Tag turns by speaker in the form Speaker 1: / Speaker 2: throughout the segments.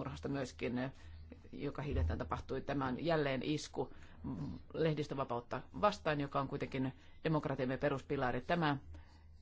Speaker 1: itsemurhasta myöskin, joka hiljattain tapahtui. Tämä on jälleen isku lehdistövapautta vastaan, joka on kuitenkin demokratiamme peruspilari. Tämä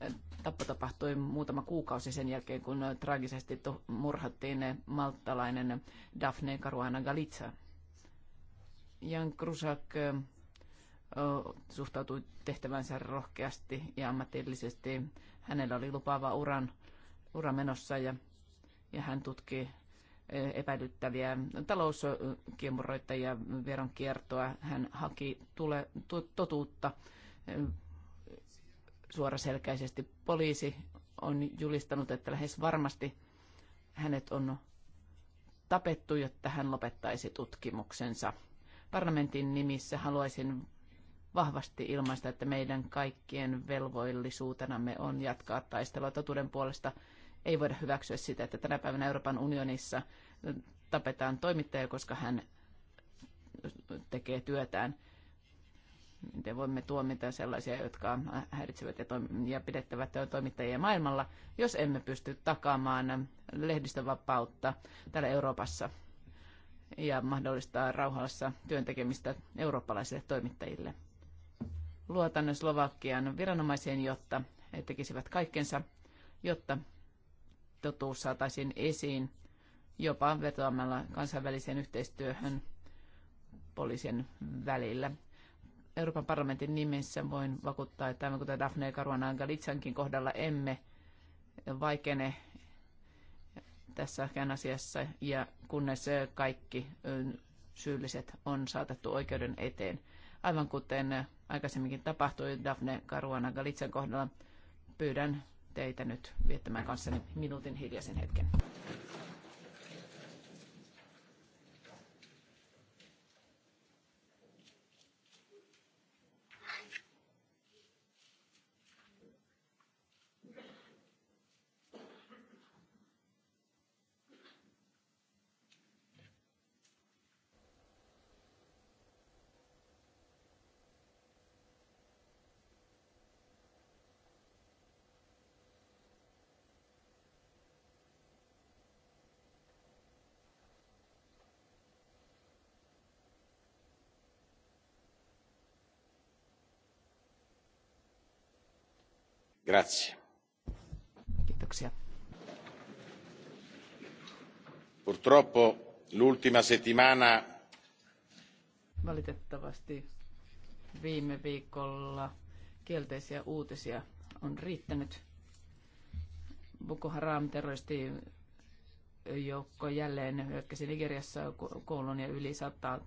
Speaker 1: eh, tappo tapahtui muutama kuukausi sen jälkeen, kun traagisesti murhattiin malttalainen Daphne Caruana Galitsa. Jan Krusak eh, suhtautui tehtävänsä rohkeasti ja ammatillisesti. Hänellä oli lupaava uran, uran menossa ja, ja hän tutki epäilyttäviä talouskiemuroittajia, veronkiertoa. Hän haki tule, totuutta eh, suoraselkäisesti. Poliisi on julistanut, että lähes varmasti hänet on tapettu, jotta hän lopettaisi tutkimuksensa. Parlamentin nimissä haluaisin vahvasti ilmaista, että meidän kaikkien velvollisuutenamme on jatkaa taistelua totuuden puolesta – ei voida hyväksyä sitä, että tänä päivänä Euroopan unionissa tapetaan toimittaja, koska hän tekee työtään. Miten voimme tuomita sellaisia, jotka häiritsevät ja, toim- ja pidettävät toimittajia maailmalla, jos emme pysty takaamaan lehdistövapautta täällä Euroopassa ja mahdollistaa rauhassa työntekemistä eurooppalaisille toimittajille. Luotan Slovakian viranomaisiin, jotta he tekisivät kaikkensa, jotta totuus saataisiin esiin jopa vetoamalla kansainväliseen yhteistyöhön poliisien välillä. Euroopan parlamentin nimissä voin vakuuttaa, että aivan kuten Daphne Caruana Galitsankin kohdalla emme vaikene tässäkään asiassa, ja kunnes kaikki syylliset on saatettu oikeuden eteen. Aivan kuten aikaisemminkin tapahtui Daphne Caruana Galitsan kohdalla, pyydän teitä nyt viettämään kanssani minuutin hiljaisen hetken.
Speaker 2: Purtroppo l'ultima settimana
Speaker 1: Valitettavasti viime viikolla kielteisiä uutisia on riittänyt. Boko Haram terroristi joukko jälleen hyökkäsi Nigeriassa koulun ja yli sata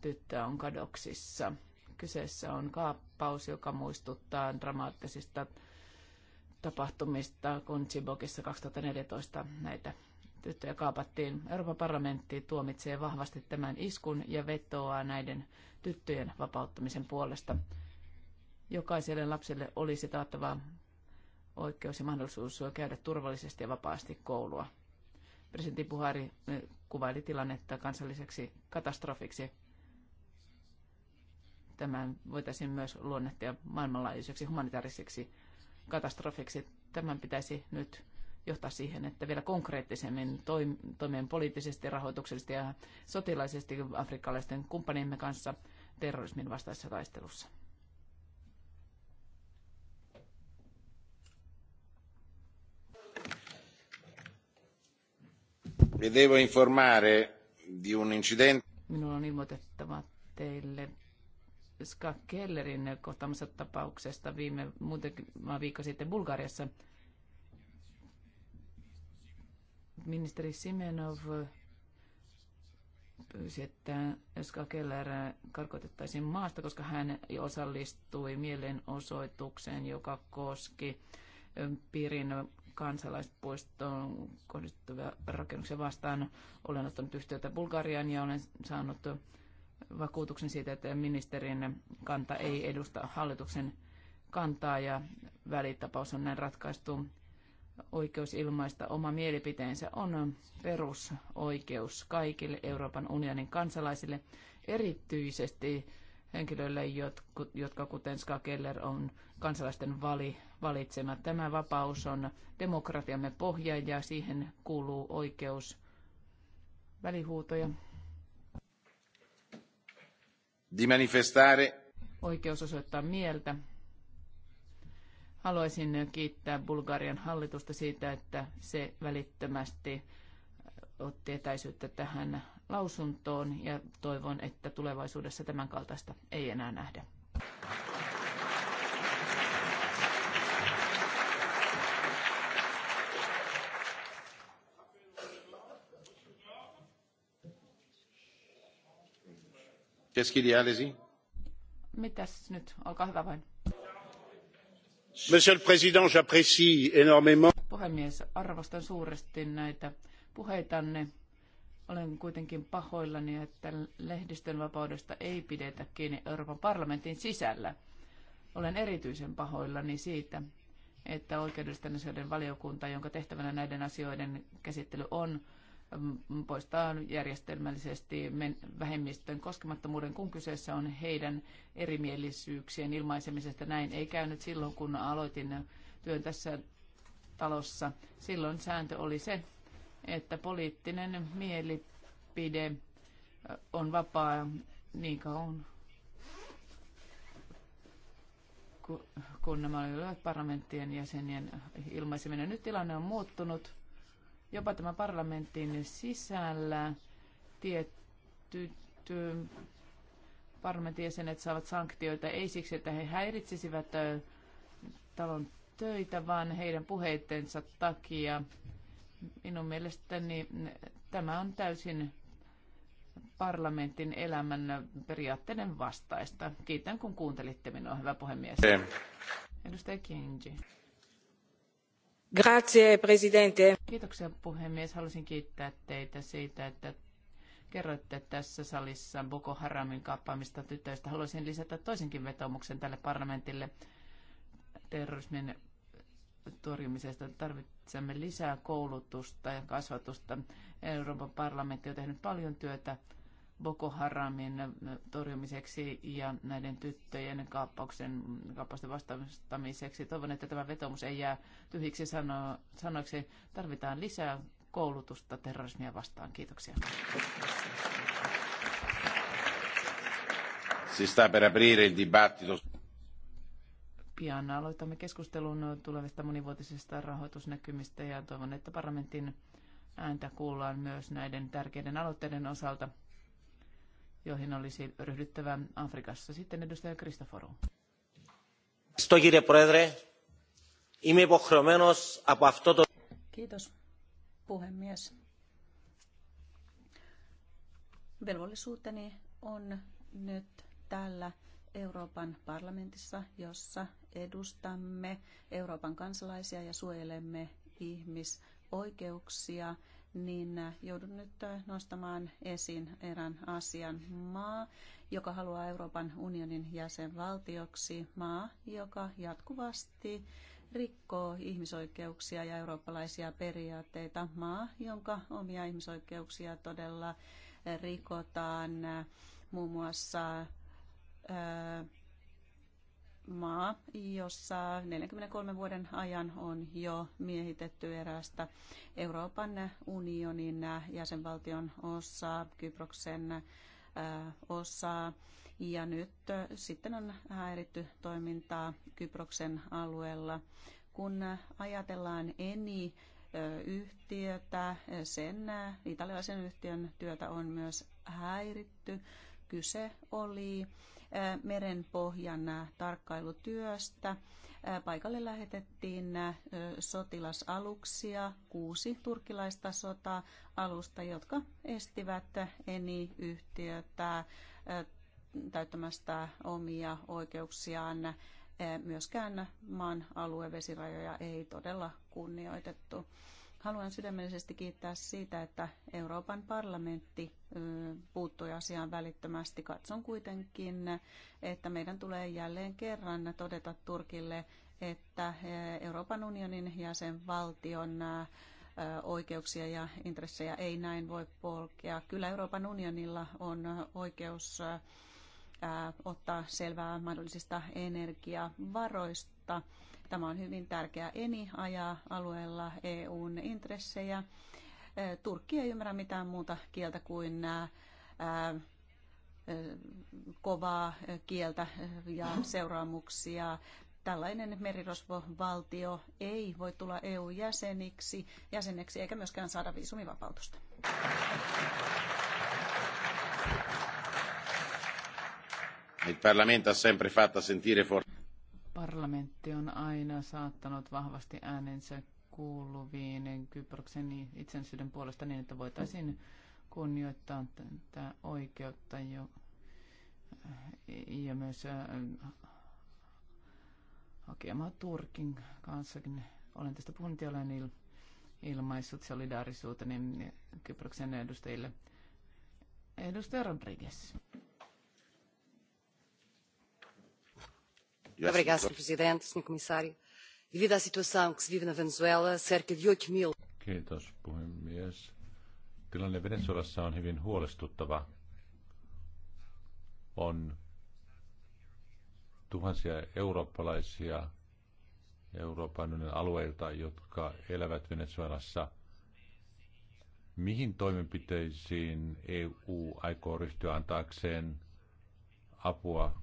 Speaker 1: tyttöä on kadoksissa. Kyseessä on kaappaus, joka muistuttaa dramaattisista tapahtumista, kun Chibokissa 2014 näitä tyttöjä kaapattiin. Euroopan parlamentti tuomitsee vahvasti tämän iskun ja vetoaa näiden tyttöjen vapauttamisen puolesta. Jokaiselle lapselle olisi taattava oikeus ja mahdollisuus käydä turvallisesti ja vapaasti koulua. Presidentti Buhari eh, kuvaili tilannetta kansalliseksi katastrofiksi. Tämän voitaisiin myös luonnehtia maailmanlaajuiseksi humanitaariseksi katastrofiksi. Tämän pitäisi nyt johtaa siihen, että vielä konkreettisemmin toimien poliittisesti, rahoituksellisesti ja sotilaisesti afrikkalaisten kumppaniemme kanssa terrorismin vastaisessa taistelussa.
Speaker 2: Devo informare di un incidente.
Speaker 1: Minulla on ilmoitettava teille Ska Kellerin kohtaamassa tapauksesta viime muutama viikko sitten Bulgariassa. Ministeri Simenov pyysi, että Ska Keller karkotettaisiin maasta, koska hän osallistui mielenosoitukseen, joka koski Pirin kansalaispuistoon kohdistuvia rakennuksia vastaan. Olen ottanut yhteyttä Bulgariaan ja olen saanut vakuutuksen siitä, että ministerin kanta ei edusta hallituksen kantaa ja välitapaus on näin ratkaistu. Oikeus ilmaista oma mielipiteensä on perusoikeus kaikille Euroopan unionin kansalaisille, erityisesti henkilöille, jotka kuten Ska Keller on kansalaisten vali, valitsema. Tämä vapaus on demokratiamme pohja ja siihen kuuluu oikeus välihuutoja
Speaker 2: di manifestare.
Speaker 1: Oikeus osoittaa mieltä. Haluaisin kiittää Bulgarian hallitusta siitä, että se välittömästi otti etäisyyttä tähän lausuntoon ja toivon, että tulevaisuudessa tämän kaltaista ei enää nähdä.
Speaker 2: Keskiliäälesi.
Speaker 1: Mitäs le Président, Puhemies, arvostan suuresti näitä puheitanne. Olen kuitenkin pahoillani, että lehdistön vapaudesta ei pidetä kiinni Euroopan parlamentin sisällä. Olen erityisen pahoillani siitä, että oikeudellisten asioiden valiokunta, jonka tehtävänä näiden asioiden käsittely on, Mm, poistaa järjestelmällisesti vähemmistön koskemattomuuden, kun kyseessä on heidän erimielisyyksien ilmaisemisesta. Näin ei käynyt silloin, kun aloitin työn tässä talossa. Silloin sääntö oli se, että poliittinen mielipide on vapaa niin kauan kun nämä olivat parlamenttien jäsenien ilmaiseminen. Nyt tilanne on muuttunut jopa tämän parlamentin sisällä tietyt parlamentin jäsenet saavat sanktioita ei siksi, että he häiritsisivät talon töitä, vaan heidän puheittensa takia. Minun mielestäni tämä on täysin parlamentin elämän periaatteiden vastaista. Kiitän, kun kuuntelitte minua, hyvä puhemies. Edustaja Kinji. Grazie, presidente. Kiitoksia puhemies. Haluaisin kiittää teitä siitä, että kerroitte tässä salissa Boko Haramin kaappaamista tytöistä. Haluaisin lisätä toisenkin vetomuksen tälle parlamentille terrorismin torjumisesta. Tarvitsemme lisää koulutusta ja kasvatusta. Euroopan parlamentti on tehnyt paljon työtä Boko Haramin torjumiseksi ja näiden tyttöjen kaappauksen, kaappausten vastaamiseksi. Toivon, että tämä vetomus ei jää tyhjiksi sano, sanoiksi. Tarvitaan lisää koulutusta terrorismia vastaan. Kiitoksia.
Speaker 2: Si sta per aprire il dibattito.
Speaker 1: Pian aloitamme keskustelun tulevista monivuotisista rahoitusnäkymistä ja toivon, että parlamentin ääntä kuullaan myös näiden tärkeiden aloitteiden osalta joihin olisi ryhdyttävä Afrikassa. Sitten edustaja Kristoforu.
Speaker 3: Kiitos puhemies. Velvollisuuteni on nyt täällä Euroopan parlamentissa, jossa edustamme Euroopan kansalaisia ja suojelemme ihmisoikeuksia niin äh, joudun nyt äh, nostamaan esiin erään asian. Maa, joka haluaa Euroopan unionin jäsenvaltioksi, maa, joka jatkuvasti rikkoo ihmisoikeuksia ja eurooppalaisia periaatteita, maa, jonka omia ihmisoikeuksia todella rikotaan äh, muun muassa maa, jossa 43 vuoden ajan on jo miehitetty eräästä Euroopan unionin jäsenvaltion osaa, Kyproksen osaa. Ja nyt sitten on häiritty toimintaa Kyproksen alueella. Kun ajatellaan eni yhtiötä, sen italialaisen yhtiön työtä on myös häiritty. Kyse oli merenpohjan tarkkailutyöstä. Paikalle lähetettiin sotilasaluksia, kuusi turkilaista sota-alusta, jotka estivät ENI-yhtiötä täyttämästä omia oikeuksiaan. Myöskään maan aluevesirajoja ei todella kunnioitettu. Haluan sydämellisesti kiittää siitä, että Euroopan parlamentti puuttui asiaan välittömästi. Katson kuitenkin, että meidän tulee jälleen kerran todeta Turkille, että Euroopan unionin jäsenvaltion oikeuksia ja intressejä ei näin voi polkea. Kyllä Euroopan unionilla on oikeus ottaa selvää mahdollisista energiavaroista Tämä on hyvin tärkeä. Eni ajaa alueella EUn intressejä. Turkki ei ymmärrä mitään muuta kieltä kuin nämä kovaa kieltä ja seuraamuksia. Tällainen merirosvovaltio ei voi tulla EU-jäseniksi, jäseneksi eikä myöskään saada viisumivapautusta.
Speaker 2: Il Parlamento ha sempre fatto sentire forte.
Speaker 1: Parlamentti on aina saattanut vahvasti äänensä kuuluviin Kyproksen itsenäisyyden puolesta niin, että voitaisiin kunnioittaa tätä oikeutta jo, ja myös äh, hakemaan Turkin kanssa. Olen tästä puhunut ja olen ilmaissut solidaarisuuteni Kyproksen edustajille. Edustaja Rodriguez.
Speaker 2: Obrigada, Sr. Presidente, Sr. Komissaari. Devido à situação que se vive na Venezuela, cerca de 8 mil... Kiitos, puhemies. Tilanne Venezuelassa on hyvin huolestuttava. On tuhansia eurooppalaisia Euroopan unionin alueilta, jotka elävät Venezuelassa. Mihin toimenpiteisiin EU aikoo ryhtyä antaakseen apua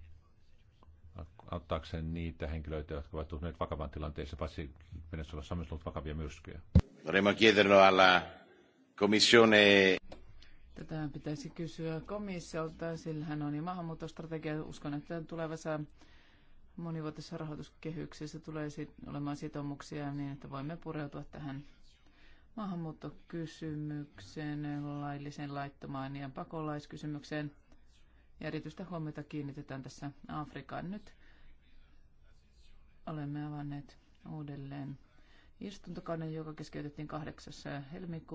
Speaker 2: auttaakseen niitä henkilöitä, jotka ovat tulleet vakavan tilanteeseen, paitsi Venezuelassa on myös ollut vakavia myrskyjä.
Speaker 1: Tätä pitäisi kysyä komissiolta, sillä hän on jo maahanmuuttostrategia. Uskon, että tulevassa monivuotisessa rahoituskehyksessä tulee olemaan sitoumuksia niin, että voimme pureutua tähän maahanmuuttokysymykseen, lailliseen, laittomaan ja pakolaiskysymykseen – ja erityistä huomiota kiinnitetään tässä Afrikaan. Nyt olemme avanneet uudelleen istuntokauden, joka keskeytettiin 8. helmikuuta.